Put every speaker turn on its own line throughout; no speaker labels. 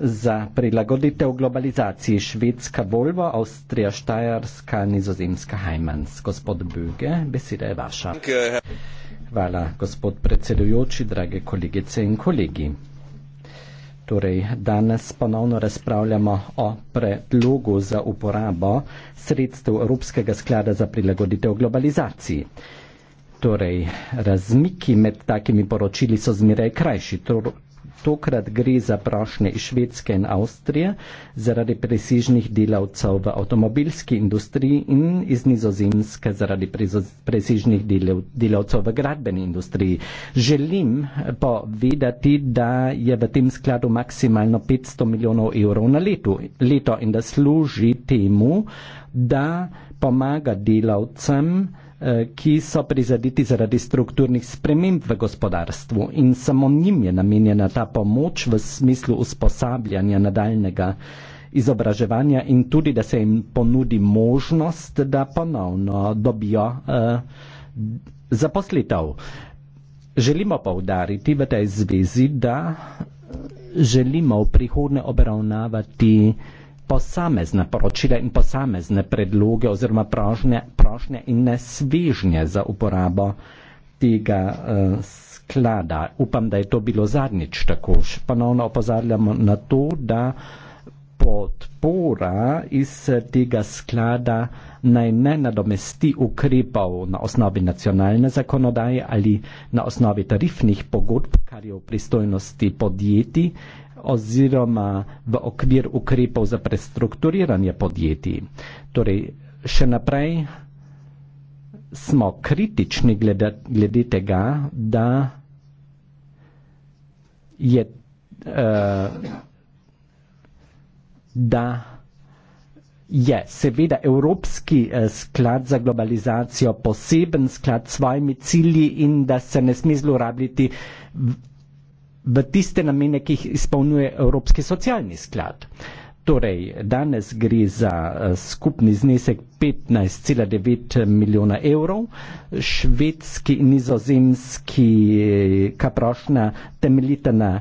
Za prilagoditev globalizaciji Švedska Volvo, Avstrija Štajerska, Nizozemska Heimans. Gospod Böge, beseda je vaša. Hvala, gospod predsedujoči, drage kolegice in kolegi. Torej, danes ponovno razpravljamo o predlogu za uporabo sredstev Evropskega sklada za prilagoditev globalizaciji. Torej, razmiki med takimi poročili so zmeraj krajši, tokrat gre za prošnje iz Švedske in Avstrije zaradi presižnih delavcev v avtomobilski industriji in iz Nizozemske zaradi presižnih delavcev v gradbeni industriji. Želim povedati, da je v tem skladu maksimalno 500 milijonov evrov na letu, leto in da služi temu, da pomaga delavcem, Eh, ki so prizaditi zaradi strukturnih sprememb v gospodarstvu in samo njim je namenjena ta pomoč v smislu usposabljanja nadaljnega izobraževanja in tudi, da se jim ponudi možnost, da ponovno dobijo uh, zaposlitev. Želimo povdariti v tej zvezi, da eh, želimo v prihodne obravnavati uh, posamezne poročile in posamezne predloge oziroma prošnje, prošnje in nesvežnje za uporabo tega uh, sklada. Upam, da je to bilo zadnjič tako. Ponovno opozarjamo na to, da podpora iz eh, tega sklada naj ne nadomesti ukrepov na osnovi nacionalne zakonodaje ali na osnovi tarifnih pogodb, kar je v pristojnosti podjetij, oziroma v okvir ukrepov za prestrukturiranje podjetij. Torej, še naprej smo kritični glede, glede tega, da je uh, da je seveda Evropski eh, sklad za globalizacijo poseben sklad s svojimi cilji in da se ne sme zlorabljati v tiste namene, ki jih izpolnjuje Evropski socialni sklad. Torej, danes gre za eh, skupni znesek 15,9 eh, milijona evrov, švedski in nizozemski eh, kaprošna temeljita na,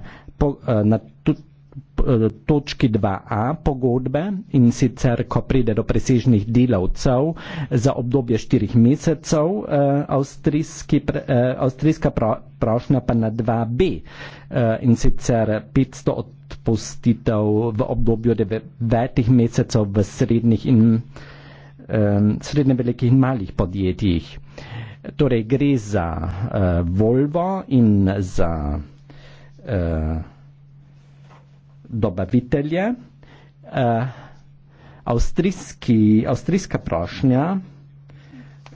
na tudi točki 2a pogodbe in sicer, ko pride do presežnih delavcev za obdobje štirih mesecev, eh, eh, avstrijska prošnja pa na 2b eh, in sicer 500 odpustitev v obdobju devetih mesecev v srednjih in srednje velikih in malih podjetjih. Torej gre za Volvo in za dobavitelje. Eh, avstrijski, avstrijska prošnja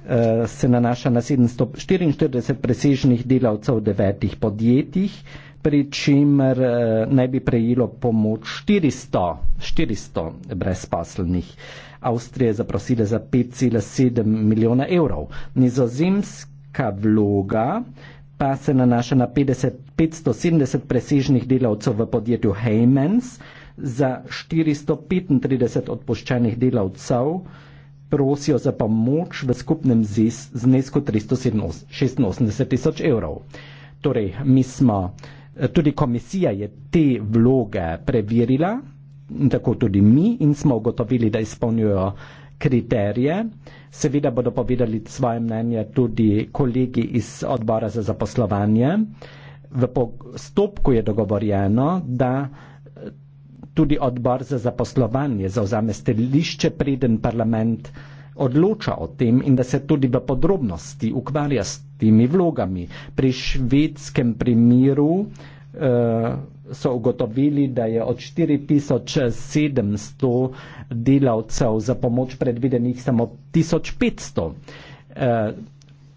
eh, se nanaša na 744 presežnih delavcev v devetih podjetjih, pri čimer eh, naj bi prejelo pomoč 400, 400 brezposlenih. Avstrija je zaprosila za 5,7 milijona evrov. Nizozemska vloga pa se nanaša na 50, 570 presežnih delavcev v podjetju Heymans za 435 odpoščenih delavcev prosijo za pomoč v skupnem ZIS znesku 386 tisoč evrov. Torej, mi smo, tudi komisija je te vloge preverila, tako tudi mi, in smo ugotovili, da izpolnjujo uh, kriterije. Seveda bodo povedali svoje mnenje tudi kolegi iz odbora za zaposlovanje. V postopku je dogovorjeno, da eh, tudi odbor za zaposlovanje zauzame stališče, preden parlament odloča o tem in da se tudi v podrobnosti ukvarja s temi vlogami. Pri švedskem primeru eh, so ugotovili, da je od 4700 delavcev za pomoč predvidenih samo 1500. Eh,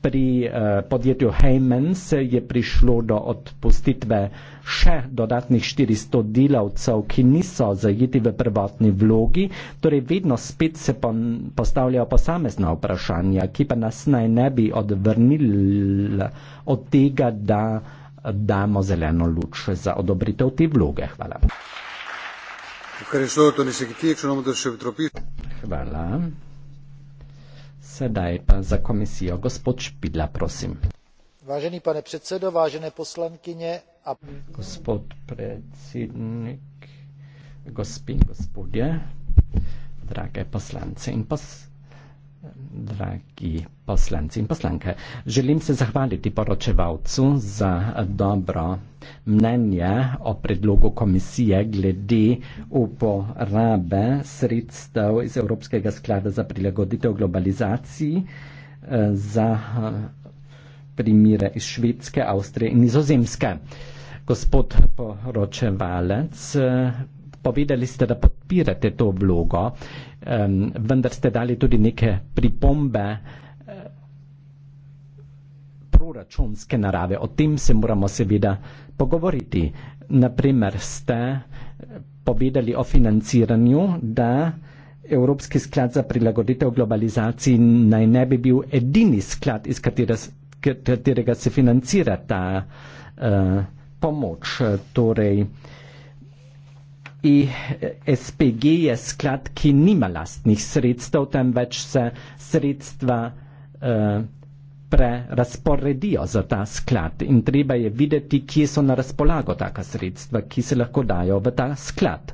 pri eh, podjetju Heymans je prišlo do odpustitve še dodatnih 400 delavcev, ki niso zajeti v prvotni vlogi, torej vedno spet se postavljajo posamezna vprašanja, ki pa nas naj ne bi odvrnili od tega, da damo zeleno luč za odobritev te vloge. Hvala. Hvala. Sedaj pa za komisijo gospod Špidla, prosim. Vážený pane predsedo, vážené poslankyne a... Gospod predsednik, gospin, gospodje, drage poslance in poslanci dragi poslanci in poslanke. Želim se zahvaliti poročevalcu za dobro mnenje o predlogu komisije glede uporabe sredstev iz Evropskega sklada za prilagoditev globalizaciji eh, za eh, primire iz Švedske, Avstrije in Nizozemske. Gospod poročevalec, eh, povedali ste, da podpirate to vlogo um, vendar ste dali tudi neke pripombe eh, proračunske narave. O tem se moramo seveda pogovoriti. Naprimer ste eh, povedali o financiranju, da Evropski sklad za prilagoditev globalizaciji naj ne bi bil edini sklad, iz katerega se financira ta uh, pomoč. Torej, uh, Eh, SPG je sklad, ki nima lastnih sredstev, temveč se sredstva eh, prerasporedijo za ta sklad in treba je videti, kje so na razpolago taka sredstva, ki se lahko dajo v ta sklad.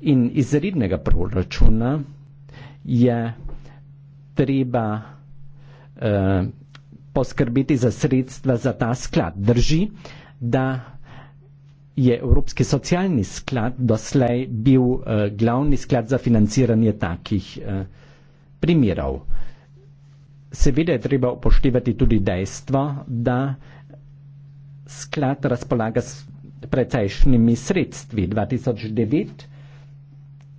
In izrednega proračuna je treba eh, poskrbiti za sredstva za ta sklad. Drži, da je Evropski socialni sklad doslej bil eh, glavni sklad za financiranje takih eh, primerov. Seveda je treba upoštevati tudi dejstvo, da sklad razpolaga s precejšnjimi sredstvi. 2009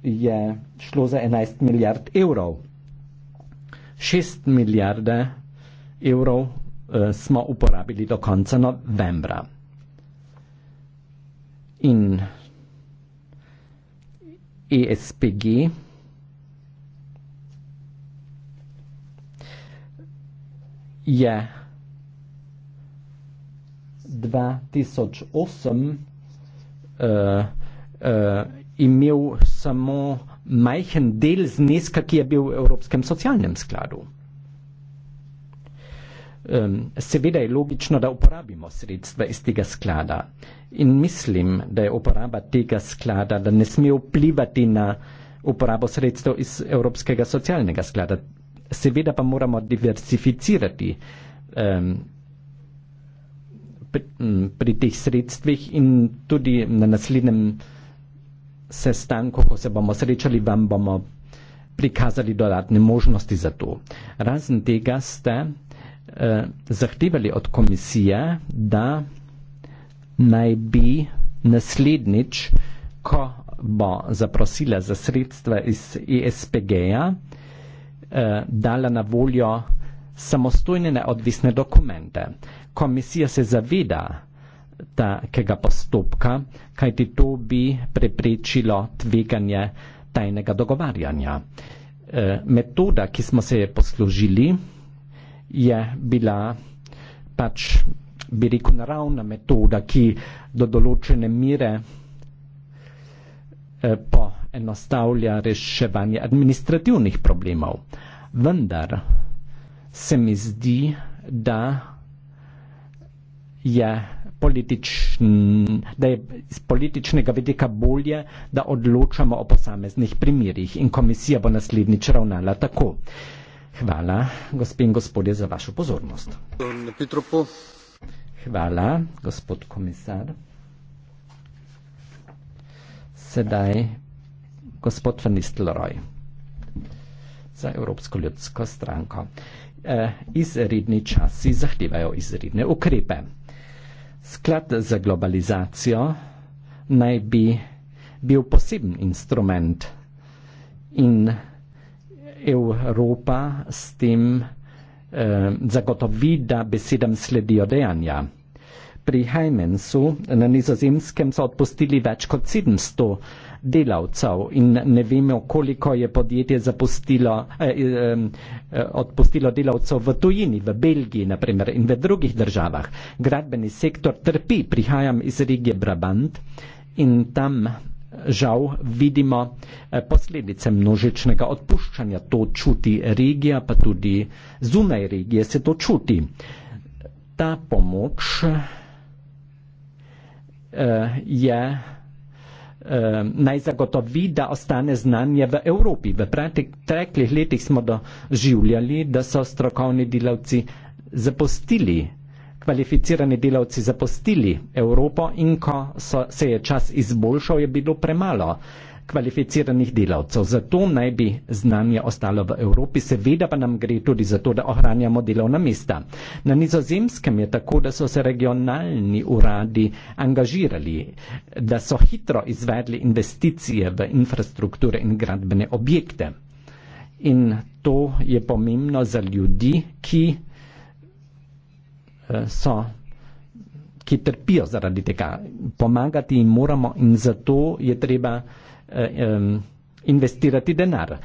je šlo za 11 milijard evrov. 6 milijarde evrov eh, smo uporabili do konca novembra. Mm in ESPG. Je 2008 uh, uh, imel samo majhen del zneska, ki je bil v Evropskem socialnem skladu um, seveda je logično, da uporabimo sredstva iz tega sklada. In mislim, da je uporaba tega sklada, da ne sme vplivati na uporabo sredstev iz Evropskega socialnega sklada. Seveda pa moramo diversificirati um, pri, um, pri teh sredstvih in tudi na naslednjem sestanku, ko se bomo srečali, vam bomo prikazali dodatne možnosti za to. Razen tega ste Eh, zahtevali od komisije, da naj bi naslednjič, ko bo zaprosila za sredstva iz ESPG-ja, eh, dala na voljo samostojne neodvisne dokumente. Komisija se zaveda takega postopka, kajti to bi preprečilo tveganje tajnega dogovarjanja. Eh, metoda, ki smo se je poslužili, je bila pač bi rekel naravna metoda, ki do določene mire eh, poenostavlja reševanje administrativnih problemov. Vendar se mi zdi, da je, političn, da je z političnega vedika bolje, da odločamo o posameznih primerjih in komisija bo naslednjič ravnala tako. Uh, Hvala, gospe in gospodje, za vašo pozornost. Hvala, gospod komisar. Sedaj gospod Fernistleroj za Evropsko ljudsko stranko. Eh, izredni časi zahtevajo izredne ukrepe. Sklad za globalizacijo naj bi bil poseben instrument in Evropa s tem eh, zagotovi, da besedam sledijo dejanja. Pri Heimensu na nizozemskem so odpustili več kot 700 delavcev in ne vemo, koliko je podjetje eh, eh, eh, odpustilo delavcev v tujini, v Belgiji naprimer in v drugih državah. Gradbeni sektor trpi, prihajam iz regije Brabant in tam Žal vidimo eh, posledice množičnega odpuščanja. To čuti regija, pa tudi zunaj regije se to čuti. Ta pomoč eh, je eh, naj zagotovi, da ostane znanje v Evropi. V preteklih letih smo doživljali, da so strokovni delavci zapustili kvalificirani delavci zapustili Evropo in ko so, se je čas izboljšal, je bilo premalo kvalificiranih delavcev. Zato naj bi znanje ostalo v Evropi. Seveda pa nam gre tudi za to, da ohranjamo delovna mesta. Na nizozemskem je tako, da so se regionalni uradi angažirali, da so hitro izvedli investicije v infrastrukture in gradbene objekte. In to je pomembno za ljudi, ki so, ki trpijo zaradi tega. Pomagati jim moramo in zato je treba eh, investirati denar.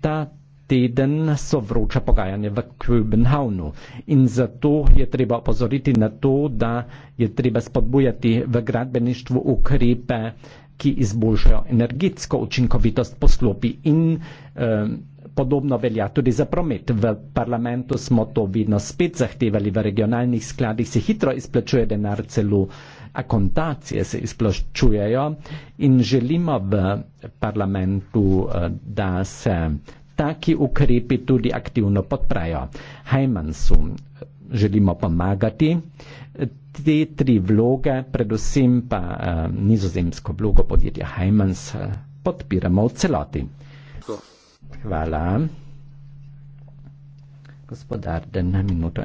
Ta teden so vroča pogajanja v Kubenhavnu in zato je treba opozoriti na to, da je treba spodbujati v gradbeništvu ukrepe, ki izboljšajo energetsko učinkovitost poslopi in eh, Podobno velja tudi za promet. V parlamentu smo to vidno spet zahtevali, v regionalnih skladih se hitro izplačuje denar celo. Akontacije se izplačujejo in želimo v parlamentu, eh, da se taki ukrepi tudi aktivno podprejo. Hajmansu eh, želimo pomagati. Te tri vloge, predvsem pa eh, nizozemsko vlogo podjetja Hajmans, podpiramo v celoti. Hvala. Gospodar, dena minuto.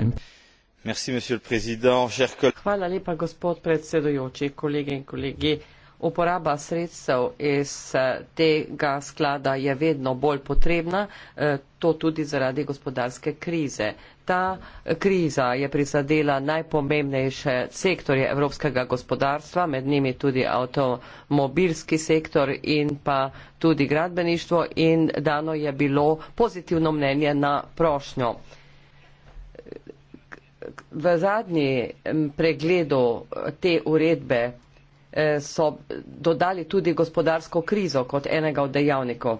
Merci, monsieur le président, chers collègues. Hvala
lepa, gospod predsedujoči, kolege in kolegi. Uporaba sredstev iz eh, tega sklada je vedno bolj potrebna, eh, to tudi zaradi gospodarske krize. Ta eh, kriza je prizadela najpomembnejše sektorje evropskega gospodarstva, med njimi tudi avtomobilski sektor in pa tudi gradbeništvo in dano je bilo pozitivno mnenje na prošnjo. V zadnji pregledu te uredbe Eh, so dodali tudi gospodarsko krizo kot enega od dejavnikov.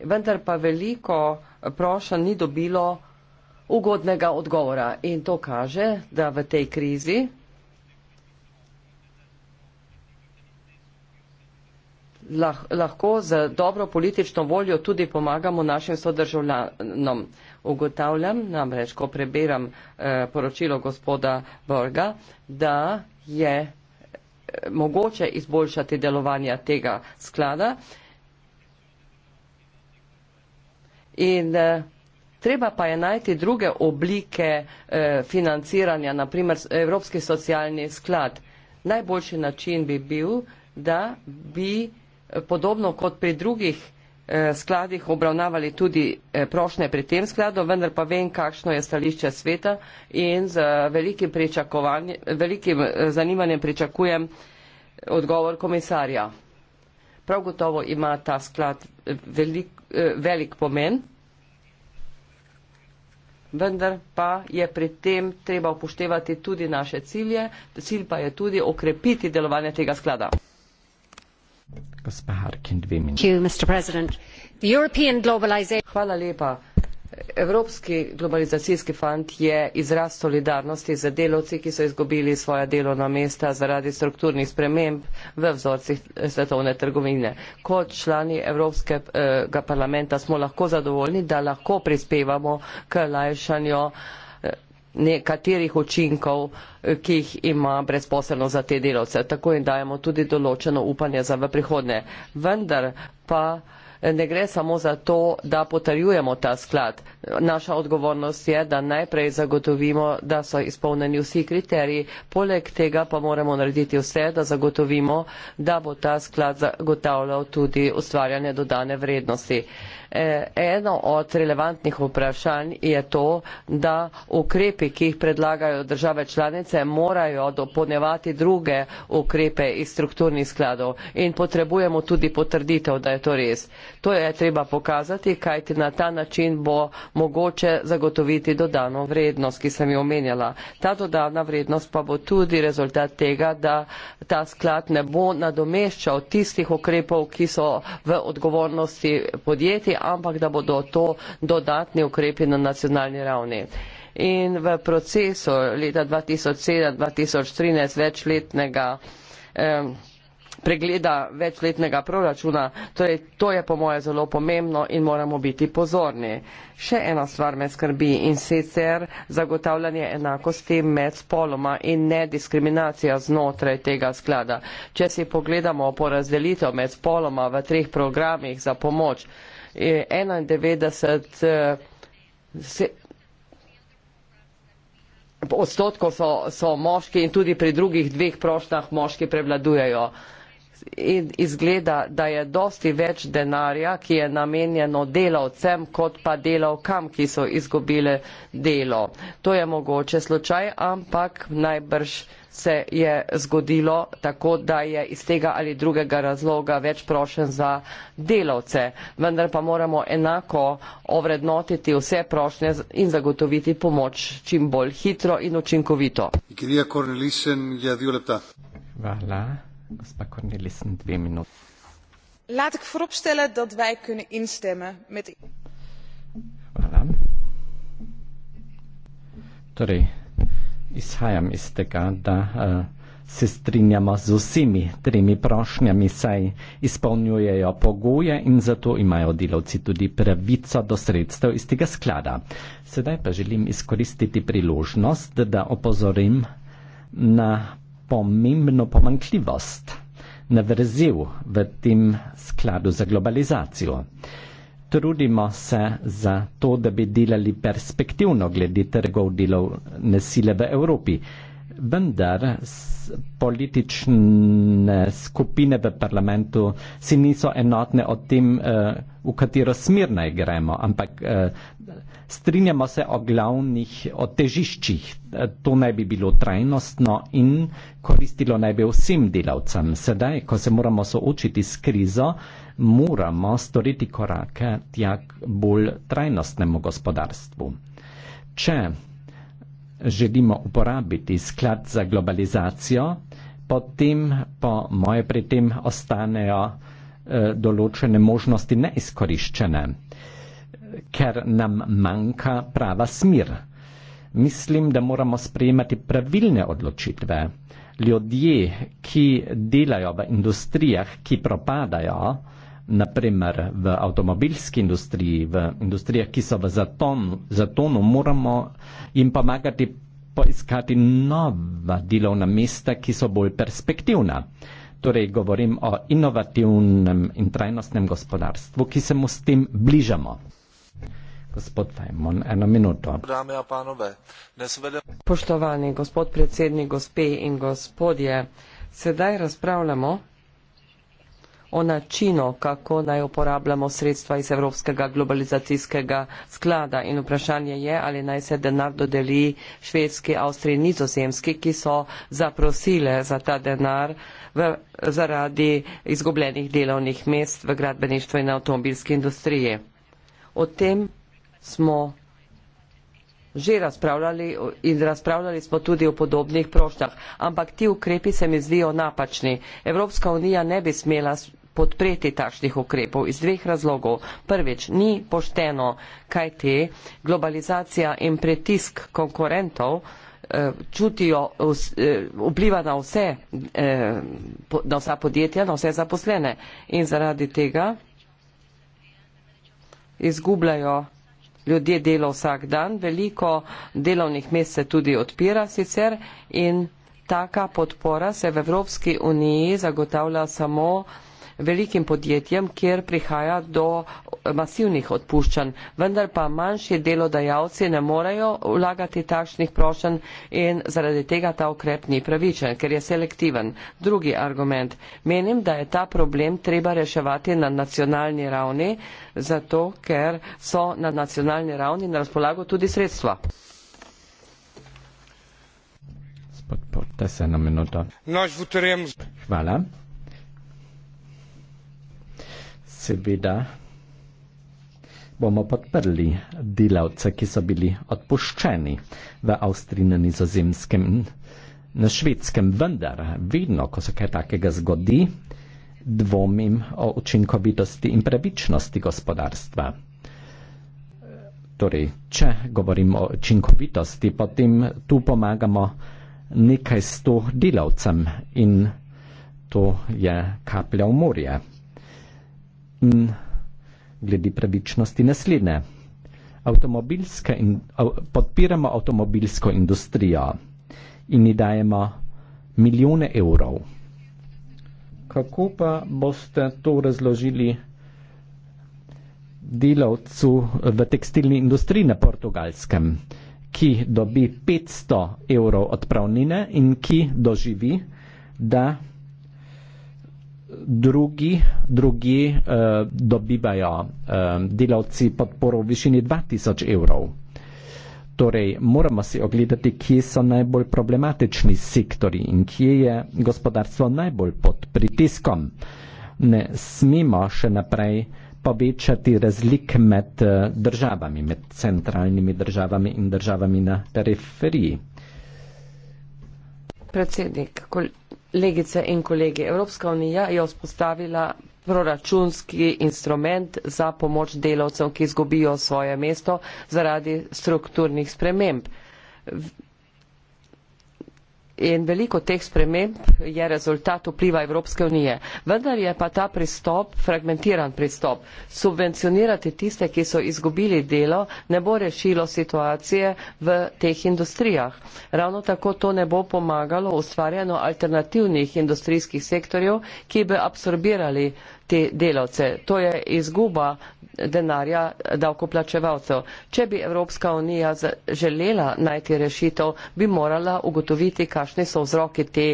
Vendar pa veliko prošen ni dobilo ugodnega odgovora in to kaže, da v tej krizi lahko z dobro politično voljo tudi pomagamo našim sodržavljanom. Ugotavljam namreč, ko preberam eh, poročilo gospoda Borga, da je mogoče izboljšati delovanja tega sklada. In eh, treba pa je najti druge oblike eh, financiranja, naprimer Evropski socialni sklad. Najboljši način bi bil, da bi eh, podobno kot pri drugih sklada, Eh, skladih obravnavali tudi eh, prošnje pri tem skladu, vendar pa vem, kakšno je stališče sveta in z eh, velikim, velikim zanimanjem pričakujem odgovor komisarja. Prav gotovo ima ta sklad velik, velik pomen, vendar pa je pri tem treba upoštevati tudi naše cilje, cilj pa je tudi okrepiti delovanje tega sklada evropski globalizacijski fond je izraz solidarnosti z delavci ki so izgubili svoja delovna mesta zaradi strukturnih sprememb v vzorcih eh, svetovne trgovine. kot člani evropskega eh, parlamenta smo lahko zadovoljni da lahko prispevamo k lajšanju nekaterih učinkov, eh, ki jih ima brezposelno za te delovce. Tako jim dajemo tudi določeno upanje za v prihodnje. Vendar pa eh, ne gre samo za to, da potrjujemo ta sklad. Naša odgovornost je, da najprej zagotovimo, da so izpolneni vsi kriteriji, poleg tega pa moramo narediti vse, da zagotovimo, da bo ta sklad zagotavljal tudi ustvarjanje dodane vrednosti. Eh, eno od relevantnih vprašanj je to, da ukrepi, ki jih predlagajo države članice, morajo dopolnevati druge ukrepe iz strukturnih skladov in potrebujemo tudi potrditev, da je to res. To je treba pokazati, kajti na ta način bo mogoče zagotoviti dodano vrednost, ki sem jo omenjala. Ta dodana vrednost pa bo tudi rezultat tega, da ta sklad ne bo nadomeščal tistih ukrepov, ki so v odgovornosti podjetij, ampak da bodo to dodatni ukrepi na nacionalni ravni. In v procesu leta 2007-2013 večletnega eh, pregleda večletnega proračuna, torej to je po moje zelo pomembno in moramo biti pozorni. Še ena stvar me skrbi in sicer zagotavljanje enakosti med spoloma in nediskriminacija znotraj tega sklada. Če si pogledamo porazdelitev med spoloma v treh programih za pomoč, 91 eh, se, odstotkov so, so moški in tudi pri drugih dveh prošnjah moški prevladujejo. In izgleda, da je dosti več denarja, ki je namenjeno delavcem, kot pa delavkam, ki so izgubile delo. To je mogoče slučaj, ampak najbrž se je zgodilo tako, da je iz tega ali drugega razloga več prošen za delavce. Vendar pa moramo enako ovrednotiti vse prošnje in zagotoviti pomoč čim bolj hitro in učinkovito.
Hvala. Gospa Kornelisen, dve minuti.
Laat ik vooropstellen dat wij kunnen instemmen met.
Voilà. Torej, izhajam iz tega, da uh, se strinjamo z vsemi tremi prošnjami, saj izpolnjujejo pogoje in zato imajo delavci tudi pravico do sredstev iz tega sklada. Sedaj pa želim izkoristiti priložnost, da opozorim na pomembno pomankljivost, na vrzel v tem skladu za globalizacijo. Uh, trudimo se za to, da bi delali perspektivno glede trgov delovne sile v Evropi. Vendar politične skupine v parlamentu si niso enotne o tem, eh, v katero smer naj gremo, ampak eh, strinjamo se o glavnih otežiščih. To naj bi bilo trajnostno in koristilo naj bi vsem delavcem. Sedaj, ko se moramo soočiti s krizo, moramo storiti korake tja k bolj trajnostnemu gospodarstvu. Če želimo uporabiti sklad za globalizacijo, potem po moje pri tem ostanejo eh, določene možnosti neizkoriščene, ker nam manjka prava smer. Mislim, da moramo sprejemati pravilne odločitve. Ljudje, ki delajo v industrijah, ki propadajo, na primer v avtomobilski industriji, v industrijah, ki so v zatonu, zatonu moramo jim pomagati poiskati nova delovna mesta, ki so bolj perspektivna. Torej, govorim o inovativnem in trajnostnem gospodarstvu, ki se mu s tem bližamo. Gospod Fajmon, eno minuto.
Poštovani gospod predsednik, gospe in gospodje, sedaj razpravljamo o načinu, kako naj uporabljamo sredstva iz Evropskega globalizacijskega sklada. In vprašanje je, ali naj se denar dodeli švedski, avstriji in nizozemski, ki so zaprosile za ta denar v, zaradi izgubljenih delovnih mest v gradbeništvu in avtomobilski industriji. O tem smo že razpravljali in razpravljali smo tudi o podobnih prošljah, ampak ti ukrepi se mi zdijo napačni. Evropska unija ne bi smela podpreti takšnih ukrepov iz dveh razlogov. Prvič, ni pošteno, kaj te globalizacija in pritisk konkurentov eh, čutijo, eh, vpliva na vse, eh, na vsa podjetja, na vse zaposlene in zaradi tega izgubljajo ljudje delo vsak dan, veliko delovnih mest se tudi odpira sicer in taka podpora se v Evropski uniji zagotavlja samo velikim podjetjem, kjer prihaja do masivnih odpuščanj. Vendar pa manjši delodajalci ne morejo vlagati takšnih prošen in zaradi tega ta ukrep ni pravičen, ker je selektiven. Drugi argument. Menim, da je ta problem treba reševati na nacionalni ravni, zato ker so na nacionalni ravni na razpolago tudi sredstva.
Hvala seveda bomo podprli delavce, ki so bili odpuščeni v Avstriji, na nizozemskem, na švedskem, vendar vedno, ko se kaj takega zgodi, dvomim o učinkovitosti in pravičnosti gospodarstva. Torej, če govorimo o učinkovitosti, potem tu pomagamo nekaj sto delavcem in to je kaplja v morje. In glede pravičnosti naslednje. Avtomobilska in, av, podpiramo avtomobilsko industrijo in ji dajemo milijone evrov. Kako pa boste to razložili delavcu v tekstilni industriji na portugalskem, ki dobi 500 evrov odpravnine in ki doživi, da drugi, drugi uh, dobivajo uh, delavci podporo v višini 2000 evrov. Torej, moramo si ogledati, kje so najbolj problematični sektori in kje je gospodarstvo najbolj pod pritiskom. Ne smemo še naprej povečati razlik med eh, državami, med centralnimi državami in državami na periferiji.
Predsednik, Legice in kolegi, Evropska unija je vzpostavila proračunski instrument za pomoč delavcem, ki izgubijo svoje mesto zaradi strukturnih sprememb in veliko teh sprememb je rezultat vpliva Evropske unije. Vendar je pa ta pristop, fragmentiran pristop, subvencionirati tiste, ki so izgubili delo, ne bo rešilo situacije v teh industrijah. Ravno tako to ne bo pomagalo ustvarjanju alternativnih industrijskih sektorjev, ki bi absorbirali te delavce. To je izguba denarja davkoplačevalcev. Če bi Evropska unija želela najti rešitev, bi morala ugotoviti, kakšni so vzroki te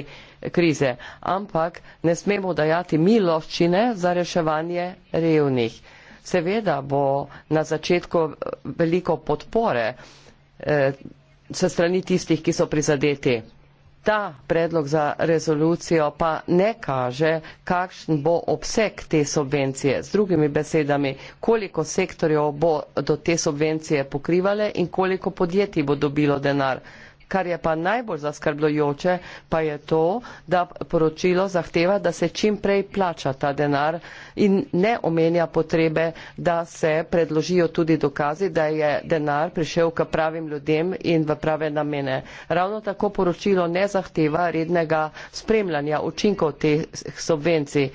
krize. Ampak ne smemo dajati miloščine za reševanje revnih. Seveda bo na začetku veliko podpore eh, se strani tistih, ki so prizadeti ta predlog za rezolucijo pa ne kaže, kakšen bo obseg te subvencije. Z drugimi besedami, koliko sektorjev bo do te subvencije pokrivale in koliko podjetij bo dobilo denar. Kar je pa najbolj zaskrbljujoče, pa je to, da poročilo zahteva, da se čim prej plača ta denar in ne omenja potrebe, da se predložijo tudi dokazi, da je denar prišel k pravim ljudem in v prave namene. Ravno tako poročilo ne zahteva rednega spremljanja učinkov teh subvencij.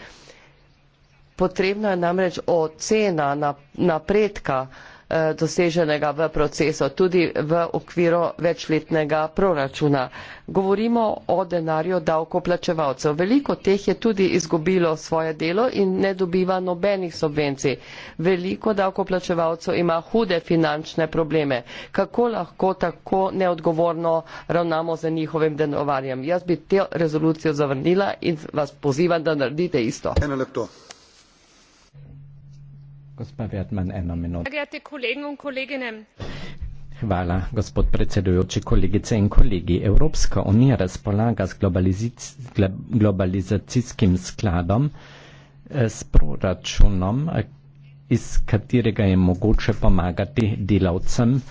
Potrebna je namreč ocena napredka. Na Eh, doseženega v procesu, tudi v okviru večletnega proračuna. Govorimo o denarju davkoplačevalcev. Veliko teh je tudi izgubilo svoje delo in ne dobiva nobenih subvencij. Veliko davkoplačevalcev ima hude finančne probleme. Kako lahko tako neodgovorno ravnamo z njihovim denovarjem? Jaz bi te rezolucijo zavrnila in vas pozivam, da naredite isto. Ena lepto.
Dragi
kolegi in kolegine.
Hvala, gospod predsedujoči, kolegice in kolegi. Evropska unija razpolaga z globalizacijskim skladom, eh, s proračunom, eh, iz katerega je mogoče pomagati delavcem,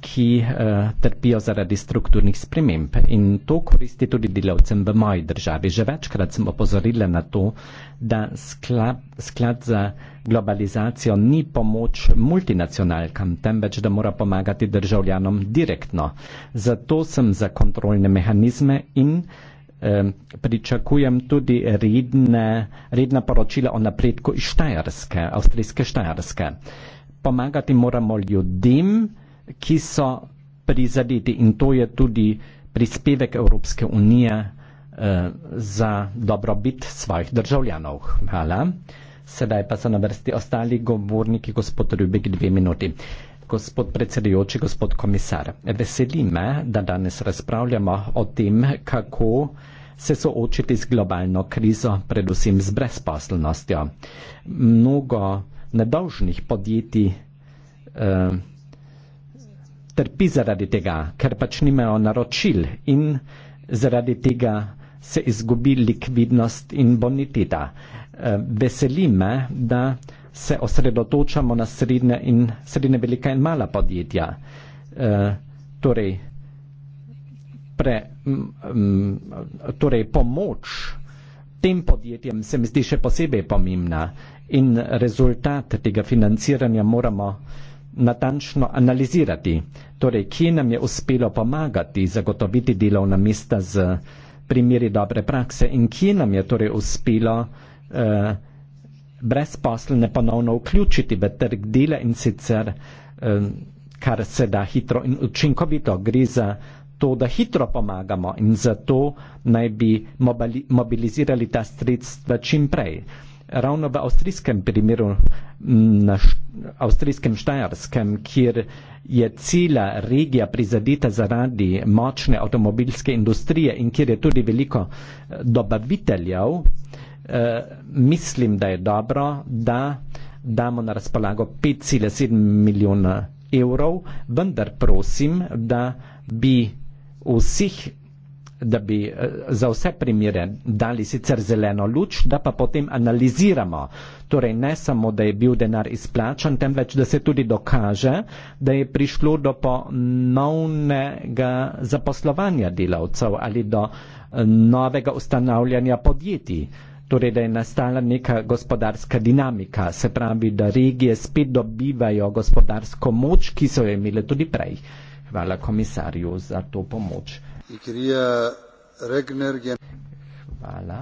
ki uh, trpijo zaradi strukturnih sprememb. In to koristi tudi delavcem v moji državi. Že večkrat sem opozorila na to, da sklad, sklad za globalizacijo ni pomoč multinacionalkam, temveč da mora pomagati državljanom direktno. Zato sem za kontrolne mehanizme in eh, pričakujem tudi redne, redna poročila o napredku iz Štajerske, avstrijske Štajerske. Pomagati moramo ljudem, ki so prizadeti in to je tudi prispevek Evropske unije eh, za dobrobit svojih državljanov. Hvala. Sedaj pa so na vrsti ostali govorniki, gospod Rubik, dve minuti. Gospod predsedujoči, gospod komisar, veseli me, da danes razpravljamo o tem, kako se soočiti z globalno krizo, predvsem z brezposelnostjo. Mnogo nedolžnih podjetij eh, trpi zaradi tega, ker pač nimajo naročil in zaradi tega se izgubi likvidnost in boniteta. Eh, veseli me, da se osredotočamo na srednja in srednja velika in mala podjetja. Eh, torej, pre, torej pomoč tem podjetjem se mi zdi še posebej pomembna in rezultat tega financiranja moramo natančno analizirati, torej kje nam je uspelo pomagati zagotoviti delovna mesta z primeri dobre prakse in kje nam je torej uspelo eh, brezposlene ponovno vključiti v trg dela in sicer eh, kar se da hitro in učinkovito gre za to, da hitro pomagamo in zato naj bi mobilizirali ta sredstva čim prej. Eh, ravno v avstrijskem primeru, na avstrijskem Štajarskem, kjer je cela regija prizadeta zaradi močne avtomobilske industrije in kjer je tudi veliko eh, dobaviteljev, eh, mislim, da je dobro, da damo na razpolago 5,7 milijona evrov, vendar prosim, da bi vseh da bi eh, za vse primere dali sicer zeleno luč, da pa potem analiziramo. Torej ne samo, da je bil denar izplačan, temveč, da se tudi dokaže, da je prišlo do ponovnega zaposlovanja delavcev ali do eh, novega ustanavljanja podjetij. Torej, da je nastala neka gospodarska dinamika, se pravi, da regije spet dobivajo gospodarsko moč, ki so jo imele tudi prej. Hvala komisarju za to pomoč. Hvala,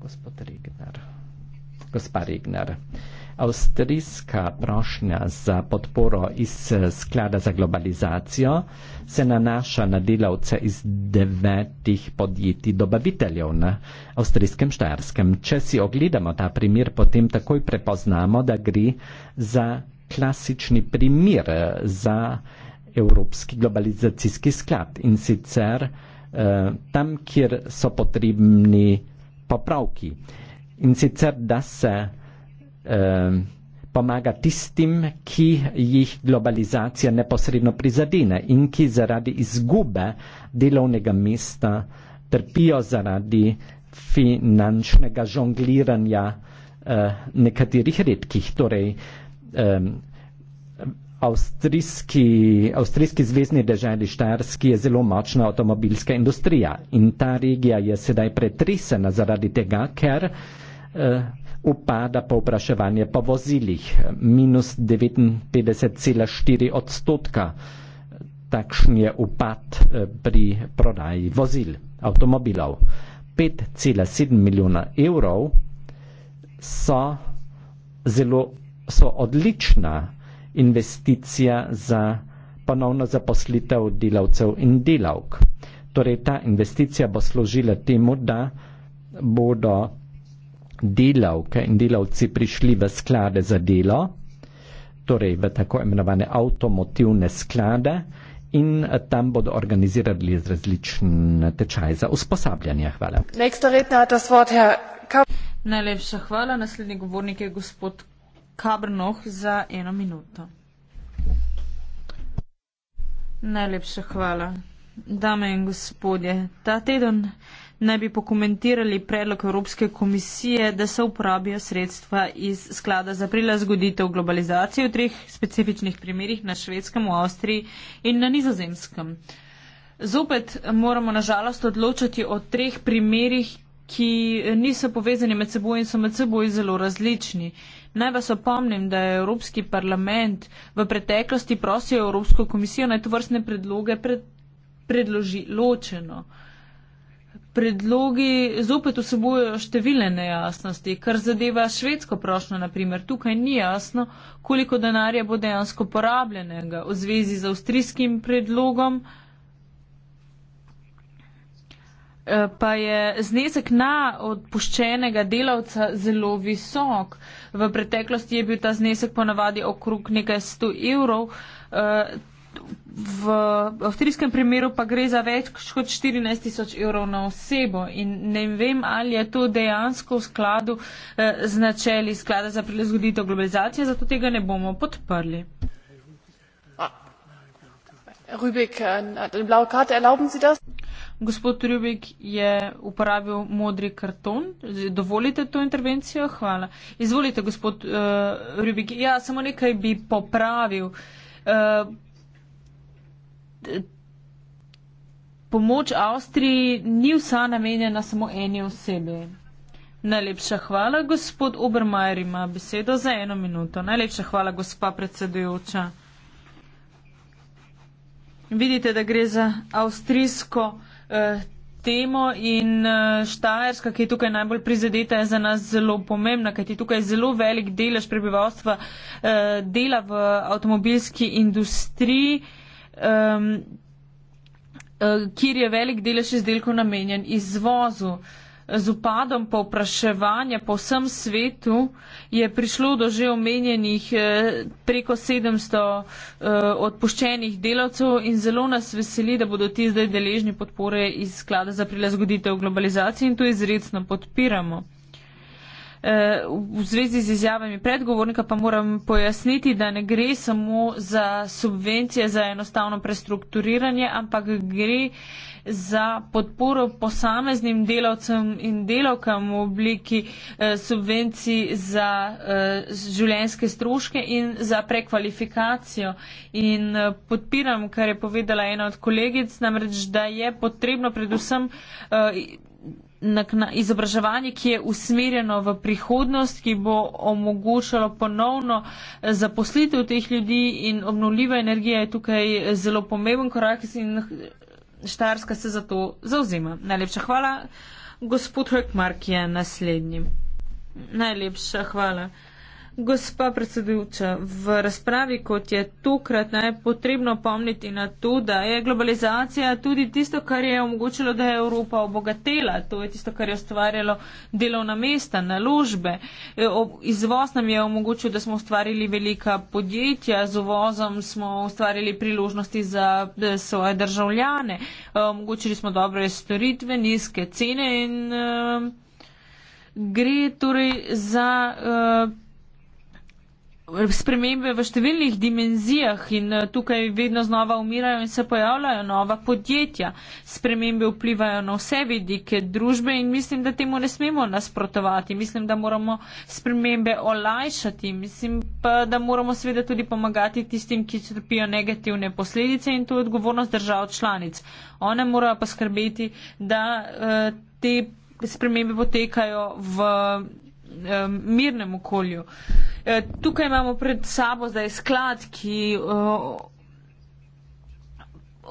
gospod Regner. Gospa Regner. Avstrijska prošnja za podporo iz sklada za globalizacijo se nanaša na delavce iz devetih podjetij dobaviteljev na avstrijskem Štajerskem. Če si ogledamo ta primer, potem takoj prepoznamo, da gre za klasični primer za Evropski globalizacijski sklad in sicer eh, tam, kjer so potrebni popravki in sicer, da se eh, pomaga tistim, ki jih globalizacija neposredno prizadene in ki zaradi izgube delovnega mesta trpijo zaradi finančnega žongliranja eh, nekaterih redkih. Torej, eh, avstrijski, avstrijski zvezdni državi Štajerski je zelo močna avtomobilska industrija in ta regija je sedaj pretresena zaradi tega, ker uh, upada povpraševanje po vozilih minus 59,4 odstotka. Takšen je upad uh, pri prodaji vozil, avtomobilov. 5,7 milijona evrov so zelo so odlična investicija za ponovno zaposlitev delavcev in delavk. Torej, ta investicija bo služila temu, da bodo delavke in delavci prišli v sklade za delo, torej v tako imenovane avtomotivne sklade in tam bodo organizirali različne tečaje za usposabljanje. Hvala.
Najlepša hvala. Naslednji govornik je gospod Kabrnoh za eno minuto. Najlepša hvala. Dame in gospodje, ta teden naj bi pokomentirali predlog Evropske komisije, da se uporabijo sredstva iz sklada za prilazgoditev globalizacije v treh specifičnih primerih na švedskem, v Avstriji in na nizozemskem. Zopet moramo nažalost odločati o treh primerih, ki niso povezani med seboj in so med seboj zelo različni. Naj vas opomnim, da je Evropski parlament v preteklosti prosil Evropsko komisijo naj to vrstne predloge pred, predloži ločeno. Predlogi zopet vsebujejo številne nejasnosti, kar zadeva švedsko prošlo, naprimer tukaj ni jasno, koliko denarja bo dejansko porabljenega v zvezi z avstrijskim predlogom. Eh, pa je znesek na odpuščenega delavca zelo visok. V preteklosti je bil ta znesek ponavadi okrog nekaj 100 evrov. Eh, v avstrijskem primeru pa gre za več kot 14 tisoč evrov na osebo in ne vem, ali je to dejansko v skladu eh, z načeli sklada za prilezgoditev globalizacije, zato tega ne bomo podprli. Ah. Rübeck, äh, Blaukart, erlauben Sie das? Gospod Rubik je uporabil modri karton. Dovolite to intervencijo? Hvala. Izvolite, gospod uh, Rubik. Ja, samo nekaj bi popravil. Uh, pomoč Avstriji ni vsa namenjena samo eni osebi. Najlepša hvala, gospod Obermajer ima besedo za eno minuto. Najlepša hvala, gospa predsedujoča. Vidite, da gre za avstrijsko. Eh, temo in eh, Štajerska, ki je tukaj najbolj prizadeta, je za nas zelo pomembna, kajti tukaj je zelo velik delež prebivalstva eh, dela v avtomobilski industriji, ehm, kjer je velik delež izdelkov namenjen izvozu. Iz z upadom povpraševanja po vsem svetu je prišlo do že omenjenih eh, preko 700 eh, odpuščenih delavcev in zelo nas veseli, da bodo ti zdaj deležni podpore iz sklada za prilagoditev globalizacije in to izredno podpiramo. Eh, v zvezi z izjavami predgovornika pa moram pojasniti, da ne gre samo za subvencije za enostavno prestrukturiranje, ampak gre za podporo posameznim delavcem in delavkam v obliki eh, subvencij za eh, življenske stroške in za prekvalifikacijo. In podpiram, kar je povedala ena od kolegic, namreč, da je potrebno predvsem izobraževanje, ki je usmerjeno v prihodnost, ki bo omogočalo ponovno eh, zaposlitev teh ljudi in obnovljiva energija je tukaj eh, zelo pomemben korak in eh, Štarska se za to zauzima. Najlepša hvala. Gospod Hojkmark je naslednji. Najlepša hvala. Gospa predsedujoča, v razpravi, kot je tokrat, naj potrebno pomniti na to, da je globalizacija tudi tisto, kar je omogočilo, da je Evropa obogatela. To je tisto, kar je ustvarjalo delovna mesta, naložbe. E, izvoz nam je omogočil, da smo ustvarili velika podjetja, z uvozom smo ustvarili priložnosti za e, svoje državljane. E, omogočili smo dobre storitve, nizke cene in gre torej za spremembe v številnih dimenzijah in eh, tukaj vedno znova umirajo in se pojavljajo nova podjetja. Spremembe vplivajo na vse vidike družbe in mislim, da temu ne smemo nasprotovati. Mislim, da moramo spremembe olajšati. Mislim pa, da moramo seveda tudi pomagati tistim, ki trpijo negativne posledice in to je odgovornost držav članic. One morajo poskrbeti, da eh, te spremembe potekajo v um, mirnem okolju. E, tukaj imamo pred sabo zdaj sklad, ki uh,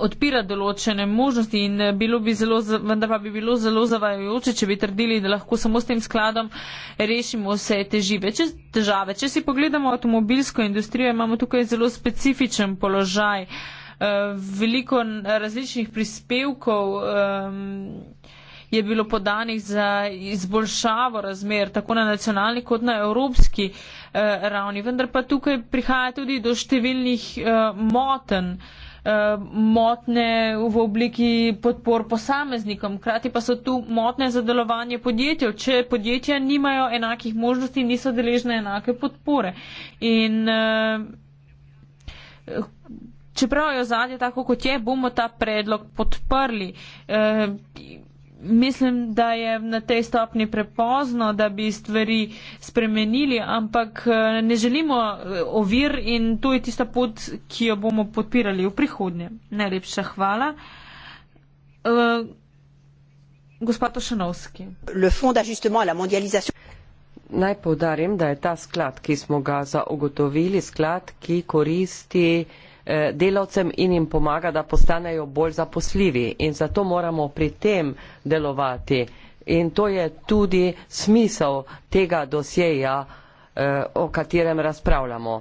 odpira določene možnosti in e, bilo bi zelo, vendar pa bi bilo zelo zavajajoče, če bi trdili, da lahko samo s tem skladom rešimo vse težive. Če, težave. Če si pogledamo avtomobilsko industrijo, imamo tukaj zelo specifičen položaj. E, veliko različnih prispevkov um, je bilo podanih za izboljšavo razmer tako na nacionalni kot na evropski eh, ravni. Vendar pa tukaj prihaja tudi do številnih eh, moten, eh, motne v obliki podpor posameznikom, krati pa so tu motne za delovanje podjetjev, če podjetja nimajo enakih možnosti, niso deležne enake podpore. In, eh, Čeprav je ozadje tako, kot je, bomo ta predlog podprli. Eh, mislim, da je na tej stopni prepozno, da bi stvari spremenili, ampak eh, ne želimo eh, ovir in to je tista pot, ki jo bomo podpirali v prihodnje. Najlepša hvala. Uh,
Naj povdarim, da je ta sklad, ki smo ga zagotovili, sklad, ki koristi Eh, delavcem in jim pomaga, da postanejo bolj zaposljivi. In zato moramo pri tem delovati. In to je tudi smisel tega dosjeja, eh, o katerem razpravljamo.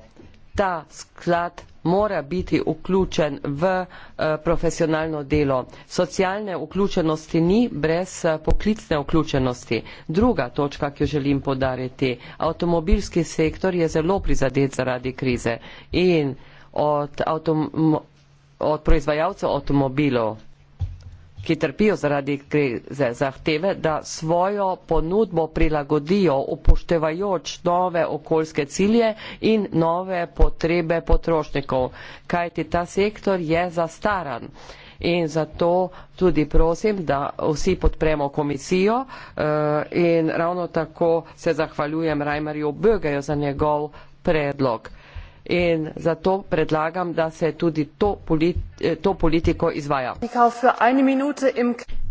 Ta sklad mora biti vključen v eh, profesionalno delo. Socialne vključenosti ni brez poklicne vključenosti. Druga točka, ki jo želim podariti, avtomobilski sektor je zelo prizadet zaradi krize. In od, od proizvajalcev avtomobilov, ki trpijo zaradi krize, zahteve, da svojo ponudbo prilagodijo upoštevajoč nove okoljske cilje in nove potrebe potrošnikov, kajti ta sektor je zastaran. In zato tudi prosim, da vsi podpremo komisijo eh, in ravno tako se zahvaljujem Rajmarju Bögeju za njegov predlog in zato predlagam, da se tudi to, politi eh, to politiko izvaja.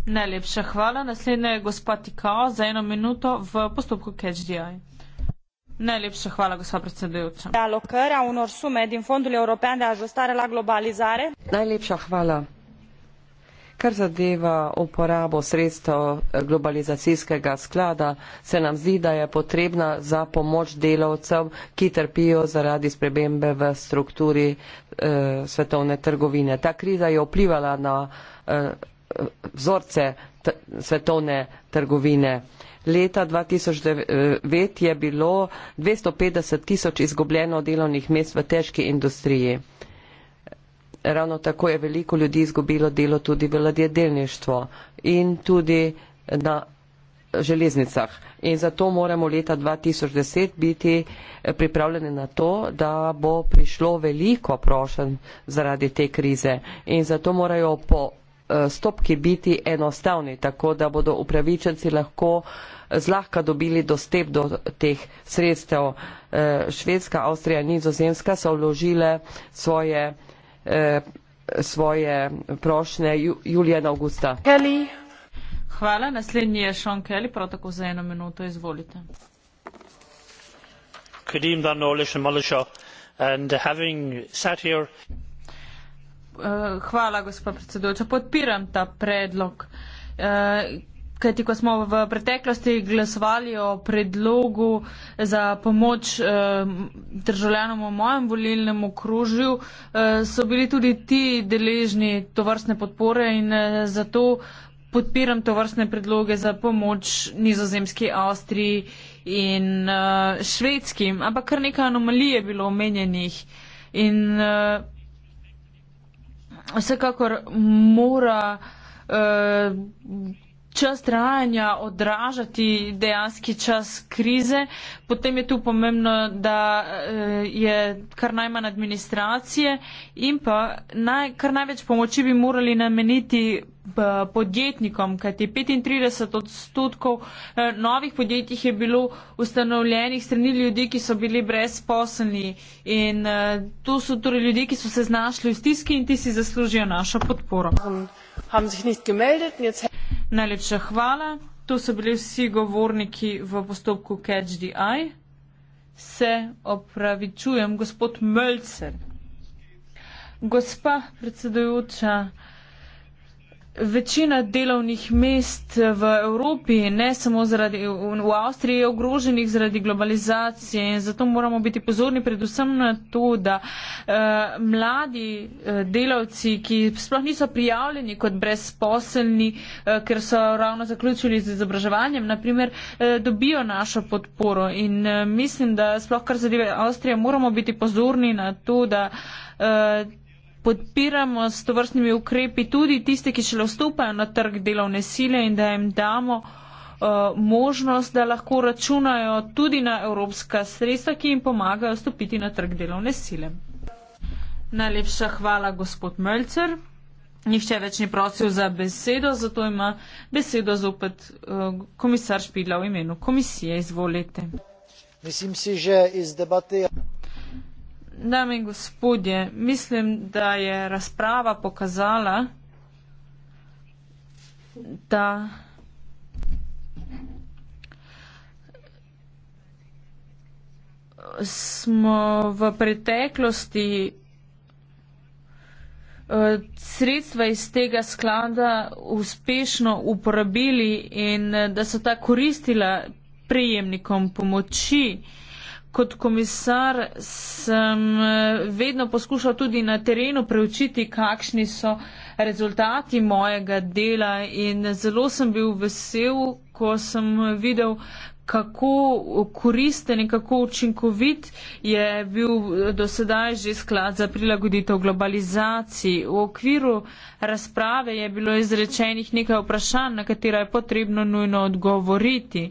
Najlepša hvala. Naslednja je gospa Tikao za eno minuto v postopku Catch the Eye. Najlepša hvala, gospa predsedujoča.
Najlepša hvala. Kar zadeva uporabo sredstev eh, globalizacijskega sklada, se nam zdi, da je potrebna za pomoč delavcev, ki trpijo zaradi spremembe v strukturi eh, svetovne trgovine. Ta kriza je vplivala na eh, vzorce svetovne trgovine. Leta 2009 eh, je bilo 250 tisoč izgubljeno delovnih mest v težki industriji ravno tako je veliko ljudi izgubilo delo tudi v ladjedelništvu in tudi na železnicah. In zato moramo leta 2010 biti eh, pripravljeni na to, da bo prišlo veliko prošen zaradi te krize. In zato morajo po eh, stopki biti enostavni, tako da bodo upravičenci lahko zlahka dobili dostep do teh sredstev. Eh, Švedska, Avstrija in Nizozemska so vložile svoje eh, eh, svoje prošnje Ju, Julija in Augusta. Kelly.
Hvala. Naslednji je Sean Kelly, prav tako za eno minuto. Izvolite. Eh, hvala, gospod predsedujoča. Podpiram ta predlog. Eh, Kajti, ko smo v preteklosti glasovali o predlogu za pomoč eh, državljanom v mojem volilnem okrožju, eh, so bili tudi ti deležni to vrstne podpore in eh, zato podpiram to vrstne predloge za pomoč nizozemski Avstriji in eh, švedskim. Ampak kar nekaj anomalij je bilo omenjenih. In eh, vsekakor mora. Eh, čas trajanja odražati dejanski čas krize, potem je tu pomembno, da eh, je kar najmanj administracije in pa naj, kar največ pomoči bi morali nameniti eh, podjetnikom, kajti 35 odstotkov eh, novih podjetij je bilo ustanovljenih strani ljudi, ki so bili brezposelni in to so torej ljudje, ki so se znašli v stiski in ti si zaslužijo našo podporo. Haben sich nicht gemeldet. Jetzt... Najlepša hvala. To so bili vsi govorniki v postopku Catch the Eye. Se opravičujem, gospod Mölcer. Gospa predsedujoča, večina delovnih mest v Evropi, ne samo zaradi, v Avstriji, je ogroženih zaradi globalizacije in zato moramo biti pozorni predvsem na to, da uh, mladi uh, delavci, ki sploh niso prijavljeni kot brezposelni, uh, ker so ravno zaključili z izobraževanjem, naprimer, uh, dobijo našo podporo. In uh, mislim, da sploh kar zadeve Avstrije, moramo biti pozorni na to, da. Uh, podpiramo s tovrstnimi ukrepi tudi tiste, ki šele vstopajo na trg delovne sile in da jim damo uh, možnost, da lahko računajo tudi na evropska sredstva, ki jim pomagajo vstopiti na trg delovne sile. Najlepša hvala, gospod Mölcer. Nihče več ni prosil za besedo, zato ima besedo zopet uh, komisar Špidla v imenu komisije. Izvolite.
Mislim si, že iz debate.
Dame in gospodje, mislim, da je razprava pokazala, da smo v preteklosti eh, sredstva iz tega sklada uspešno uporabili in eh, da so ta koristila prejemnikom pomoči. Kot komisar sem eh, vedno poskušal tudi na terenu preučiti, kakšni so rezultati mojega dela in zelo sem bil vesel, ko sem videl, kako koristen in kako učinkovit je bil dosedaj že sklad za prilagoditev globalizaciji. V okviru razprave je bilo izrečenih nekaj vprašanj, na katera je potrebno nujno odgovoriti.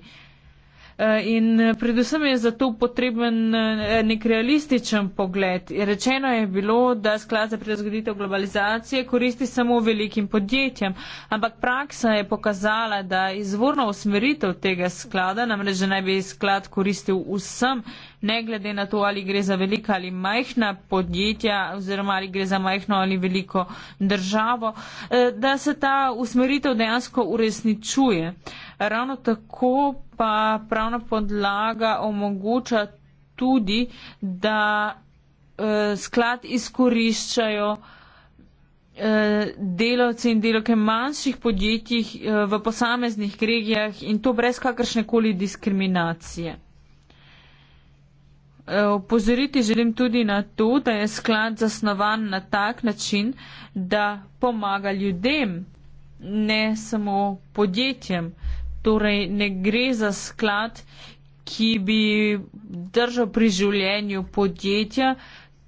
Eh, in eh, predvsem je za to potreben eh, nek realističen pogled. Rečeno je bilo, da sklad za prilagoditev globalizacije koristi samo velikim podjetjem, ampak praksa je pokazala, da izvorna usmeritev tega sklada, namreč da naj bi sklad koristil vsem ne glede na to, ali gre za velika ali majhna podjetja oziroma ali gre za majhno ali veliko državo, eh, da se ta usmeritev dejansko uresničuje. Ravno tako pa pravna podlaga omogoča tudi, da eh, sklad izkoriščajo eh, delavci in delavke manjših podjetjih v posameznih regijah in to brez kakršne koli diskriminacije. Opozoriti želim tudi na to, da je sklad zasnovan na tak način, da pomaga ljudem, ne samo podjetjem. Torej, ne gre za sklad, ki bi držal pri življenju podjetja,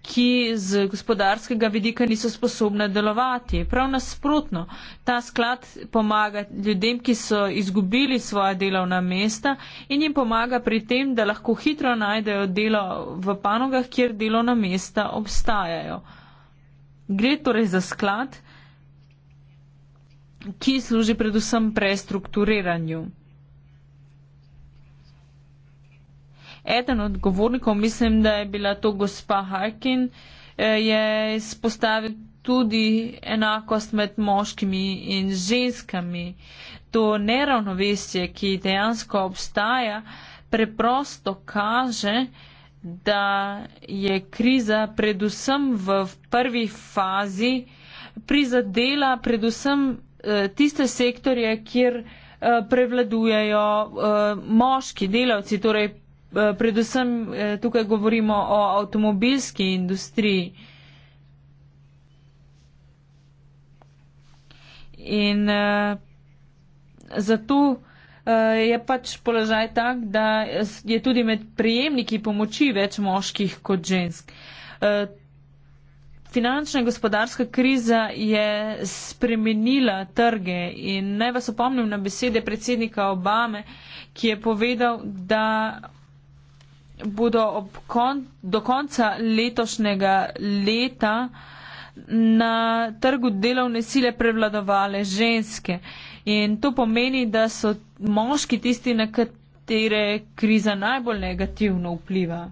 ki z gospodarskega vidika niso sposobne delovati. Prav nasprotno, ta sklad pomaga ljudem, ki so izgubili svoja delovna mesta in jim pomaga pri tem, da lahko hitro najdejo delo v panogah, kjer delovna mesta obstajajo. Gre torej za sklad, ki služi predvsem prestrukturiranju. Eden od govornikov, mislim, da je bila to gospa Harkin, eh, je spostavil tudi enakost med moškimi in ženskami. To neravnovesje, ki dejansko obstaja, preprosto kaže, da je kriza predvsem v prvi fazi prizadela predvsem eh, tiste sektorje, kjer eh, prevladujejo moški delavci, torej Eh, predvsem eh, tukaj govorimo o avtomobilski industriji. In uh, zato uh, je pač položaj tak, da je tudi med prijemniki pomoči več moških kot žensk. Uh, finančna in gospodarska kriza je spremenila trge in naj vas opomnim na besede predsednika Obame, ki je povedal, da bodo kon, do konca letošnjega leta na trgu delovne sile prevladovale ženske. In to pomeni, da so moški tisti, na katere kriza najbolj negativno vpliva.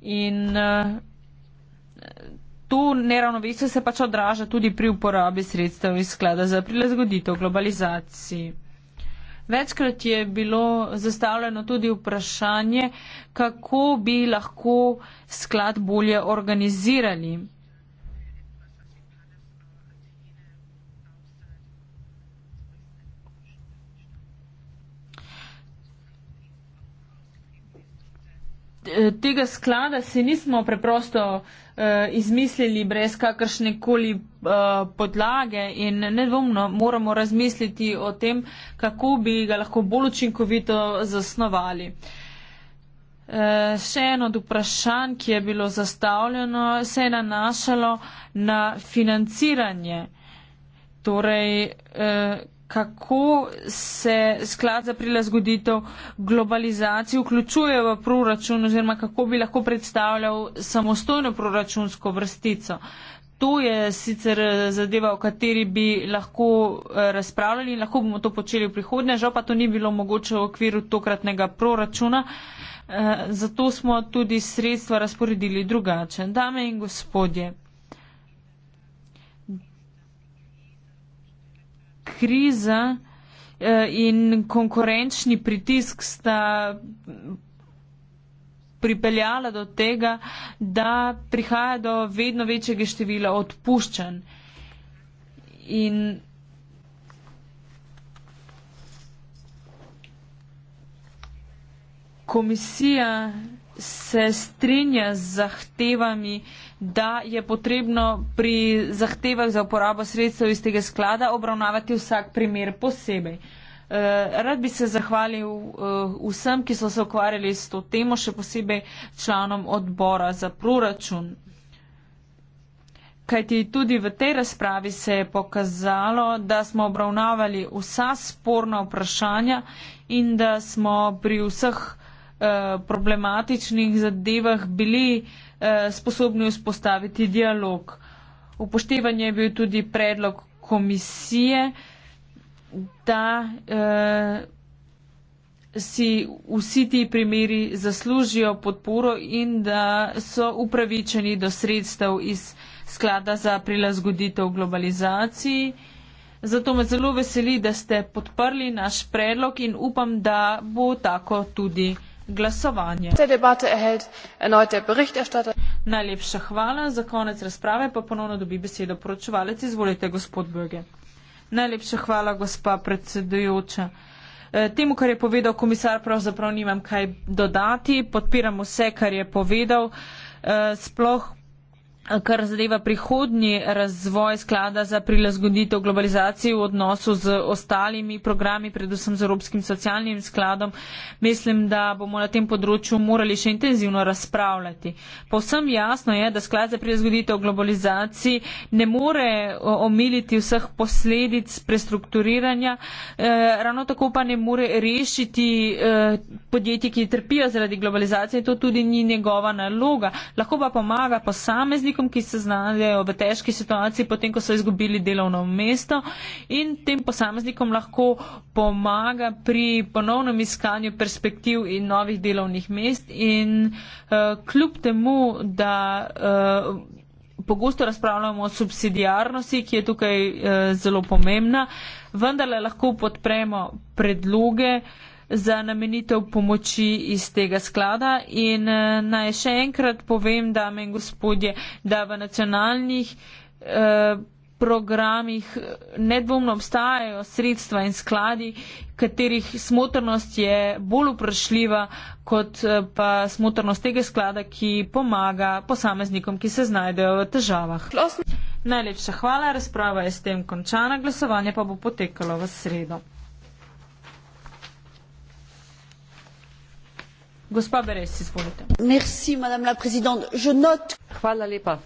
In eh, to neravnovesje se pač odraža tudi pri uporabi sredstev iz sklada za prilagoditev globalizaciji. Večkrat je bilo zastavljeno tudi vprašanje, kako bi lahko sklad bolje organizirali. Eh, tega sklada si nismo preprosto eh, izmislili brez kakršne koli eh, podlage in nedvomno moramo razmisliti o tem, kako bi ga lahko bolj učinkovito zasnovali. Eh, še eno od vprašanj, ki je bilo zastavljeno, se je nanašalo na financiranje. Torej, eh, kako se sklad za prilagoditev globalizaciji vključuje v proračun oziroma kako bi lahko predstavljal samostojno proračunsko vrstico. To je sicer zadeva, o kateri bi lahko eh, razpravljali in lahko bomo to počeli v prihodnje, žal pa to ni bilo mogoče v okviru tokratnega proračuna. Eh, zato smo tudi sredstva razporedili drugače. Dame in gospodje. kriza eh, in konkurenčni pritisk sta pripeljala do tega, da prihaja do vedno večjega števila odpuščanj. In komisija se strinja z zahtevami, da je potrebno pri zahtevah za uporabo sredstev iz tega sklada obravnavati vsak primer posebej. Eh, rad bi se zahvalil eh, vsem, ki so se ukvarjali s to temo, še posebej članom odbora za proračun. Kajti tudi v tej razpravi se je pokazalo, da smo obravnavali vsa sporna vprašanja in da smo pri vseh Eh, problematičnih zadevah bili eh, sposobni vzpostaviti dialog. Upoštevanje je bil tudi predlog komisije, da eh, si vsi ti primeri zaslužijo podporo in da so upravičeni do sredstev iz sklada za prilagoditev globalizaciji. Zato me zelo veseli, da ste podprli naš predlog in upam, da bo tako tudi glasovanje. Te debate erhält erneut der Berichterstatter. Najlepša hvala. Za konec razprave pa ponovno dobi besedo poročevalec. Izvolite, gospod Böge. Najlepša hvala, gospa predsedujoča. E, temu, kar je povedal komisar, pravzaprav nimam kaj dodati. Podpiram vse, kar je povedal. E, sploh kar zadeva prihodnji razvoj sklada za prilagoditev globalizaciji v odnosu z ostalimi programi, predvsem z Evropskim socialnim skladom, mislim, da bomo na tem področju morali še intenzivno razpravljati. Povsem jasno je, da sklad za prilagoditev globalizaciji ne more omiliti vseh posledic prestrukturiranja, eh, ravno tako pa ne more rešiti eh, podjetij, ki trpijo zaradi globalizacije, to tudi ni njegova naloga. Lahko pa pomaga posameznik, zdravnikom, ki se znajdejo v težki situaciji, potem ko so izgubili delovno mesto in tem posameznikom lahko pomaga pri ponovnem iskanju perspektiv in novih delovnih mest. In uh, kljub temu, da. Uh, Pogosto razpravljamo o subsidijarnosti, ki je tukaj e, zelo pomembna, vendarle lahko podpremo predloge, e, za namenitev pomoči iz tega sklada in eh, naj še enkrat povem, dame in gospodje, da v nacionalnih eh, programih eh, nedvomno obstajajo sredstva in skladi, katerih smotrnost je bolj vprašljiva kot pa smotrnost tega sklada, ki pomaga posameznikom, ki se znajdejo v težavah. Najlepša hvala, razprava je s tem končana, glasovanje pa bo potekalo v sredo.
hvala lepa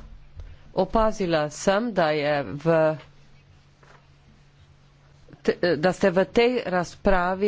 opazila sem da je v da ste v tej razpravi